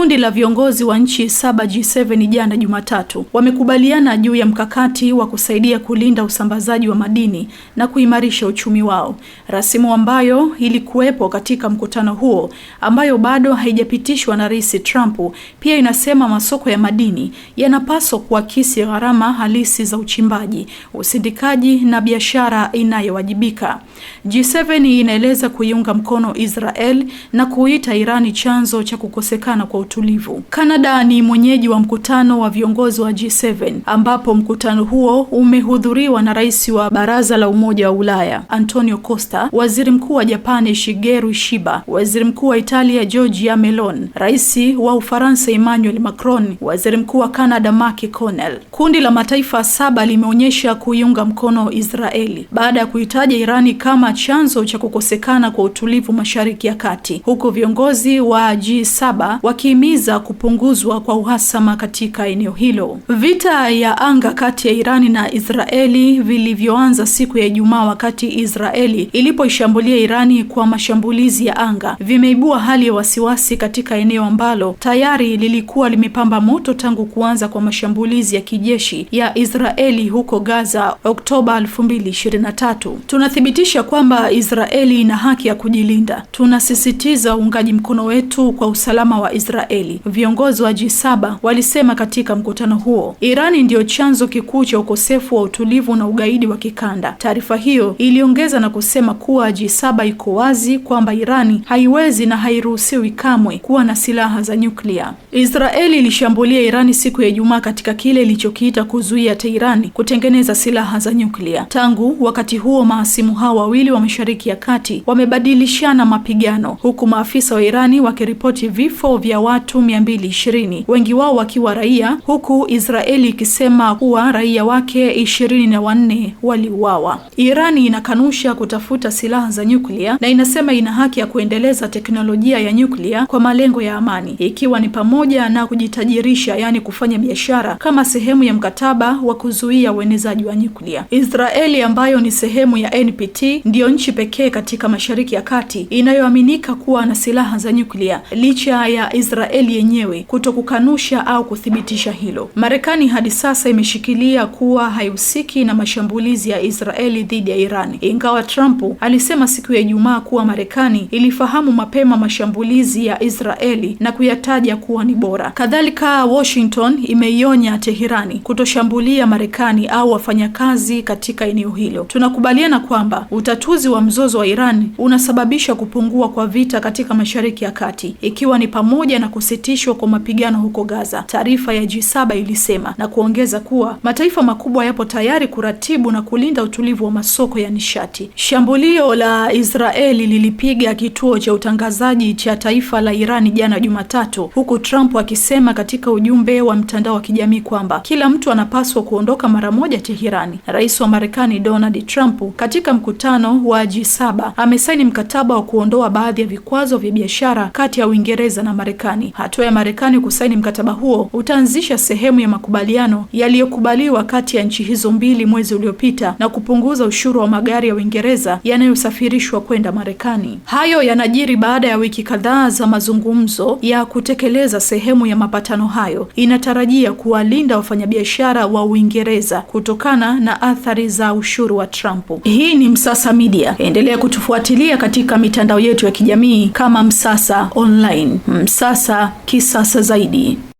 Kundi la viongozi wa nchi saba G7 jana Jumatatu wamekubaliana juu ya mkakati wa kusaidia kulinda usambazaji wa madini na kuimarisha uchumi wao, rasimu ambayo ilikuwepo katika mkutano huo ambayo bado haijapitishwa na Rais Trump. Pia inasema masoko ya madini yanapaswa kuakisi gharama halisi za uchimbaji, usindikaji na biashara inayowajibika. G7 inaeleza kuiunga mkono Israel na kuita Irani chanzo cha kukosekana kwa utulivu. Kanada ni mwenyeji wa mkutano wa viongozi wa G7 ambapo mkutano huo umehudhuriwa na rais wa Baraza la Umoja wa Ulaya Antonio Costa, waziri mkuu wa Japani Shigeru shiba waziri mkuu wa Italia Giorgia Meloni, rais wa Ufaransa Emmanuel Macron, waziri mkuu wa Canada Mark Connell. Kundi la mataifa saba limeonyesha kuiunga mkono Israeli baada ya kuitaja Irani kama chanzo cha kukosekana kwa utulivu Mashariki ya Kati, huku viongozi wa G7 waki kuhimiza kupunguzwa kwa uhasama katika eneo hilo. Vita ya anga kati ya Irani na Israeli vilivyoanza siku ya Ijumaa wakati Israeli ilipoishambulia Irani kwa mashambulizi ya anga vimeibua hali ya wasiwasi katika eneo ambalo tayari lilikuwa limepamba moto tangu kuanza kwa mashambulizi ya kijeshi ya Israeli huko Gaza Oktoba 2023. Tunathibitisha kwamba Israeli ina haki ya kujilinda. Tunasisitiza uungaji mkono wetu kwa usalama wa Israeli Israeli. Viongozi wa G7 walisema katika mkutano huo, Irani ndiyo chanzo kikuu cha ukosefu wa utulivu na ugaidi wa kikanda. Taarifa hiyo iliongeza na kusema kuwa G7 iko wazi kwamba Irani haiwezi na hairuhusiwi kamwe kuwa na silaha za nyuklia. Israeli ilishambulia Irani siku ya Ijumaa katika kile ilichokiita kuzuia Teherani kutengeneza silaha za nyuklia. Tangu wakati huo, mahasimu hao wawili wa Mashariki ya Kati wamebadilishana mapigano huku maafisa wa Irani wakiripoti vifo vya watu watu 220, wengi wao wakiwa raia, huku Israeli ikisema kuwa raia wake ishirini na wanne waliuawa. Irani inakanusha kutafuta silaha za nyuklia na inasema ina haki ya kuendeleza teknolojia ya nyuklia kwa malengo ya amani, ikiwa ni pamoja na kujitajirisha, yaani kufanya biashara kama sehemu ya mkataba wa kuzuia uenezaji wa nyuklia. Israeli ambayo ni sehemu ya NPT ndiyo nchi pekee katika Mashariki ya Kati inayoaminika kuwa na silaha za nyuklia licha ya Israeli yenyewe kutokukanusha au kuthibitisha hilo. Marekani hadi sasa imeshikilia kuwa haihusiki na mashambulizi ya Israeli dhidi ya Iran, ingawa Trump alisema siku ya Ijumaa kuwa Marekani ilifahamu mapema mashambulizi ya Israeli na kuyataja kuwa ni bora. Kadhalika, Washington imeionya Teherani kutoshambulia Marekani au wafanyakazi katika eneo hilo. Tunakubaliana kwamba utatuzi wa mzozo wa Iran unasababisha kupungua kwa vita katika Mashariki ya Kati, ikiwa ni pamoja na kusitishwa kwa mapigano huko Gaza, taarifa ya G7 ilisema na kuongeza kuwa mataifa makubwa yapo tayari kuratibu na kulinda utulivu wa masoko ya nishati. Shambulio la Israeli lilipiga kituo cha utangazaji cha taifa la Irani jana Jumatatu, huku Trump akisema katika ujumbe wa mtandao wa kijamii kwamba kila mtu anapaswa kuondoka mara moja Teherani. Rais wa Marekani Donald Trump katika mkutano wa G7 amesaini mkataba wa kuondoa baadhi ya vikwazo vya biashara kati ya Uingereza na Marekani. Marekani. Hatua ya Marekani kusaini mkataba huo utaanzisha sehemu ya makubaliano yaliyokubaliwa kati ya nchi hizo mbili mwezi uliopita na kupunguza ushuru wa magari ya Uingereza yanayosafirishwa kwenda Marekani. Hayo yanajiri baada ya wiki kadhaa za mazungumzo ya kutekeleza sehemu ya mapatano hayo inatarajia kuwalinda wafanyabiashara wa Uingereza kutokana na athari za ushuru wa Trump. Hii ni Msasa Media. Endelea kutufuatilia katika mitandao yetu ya kijamii kama Msasa Online. Msasa kisasa zaidi.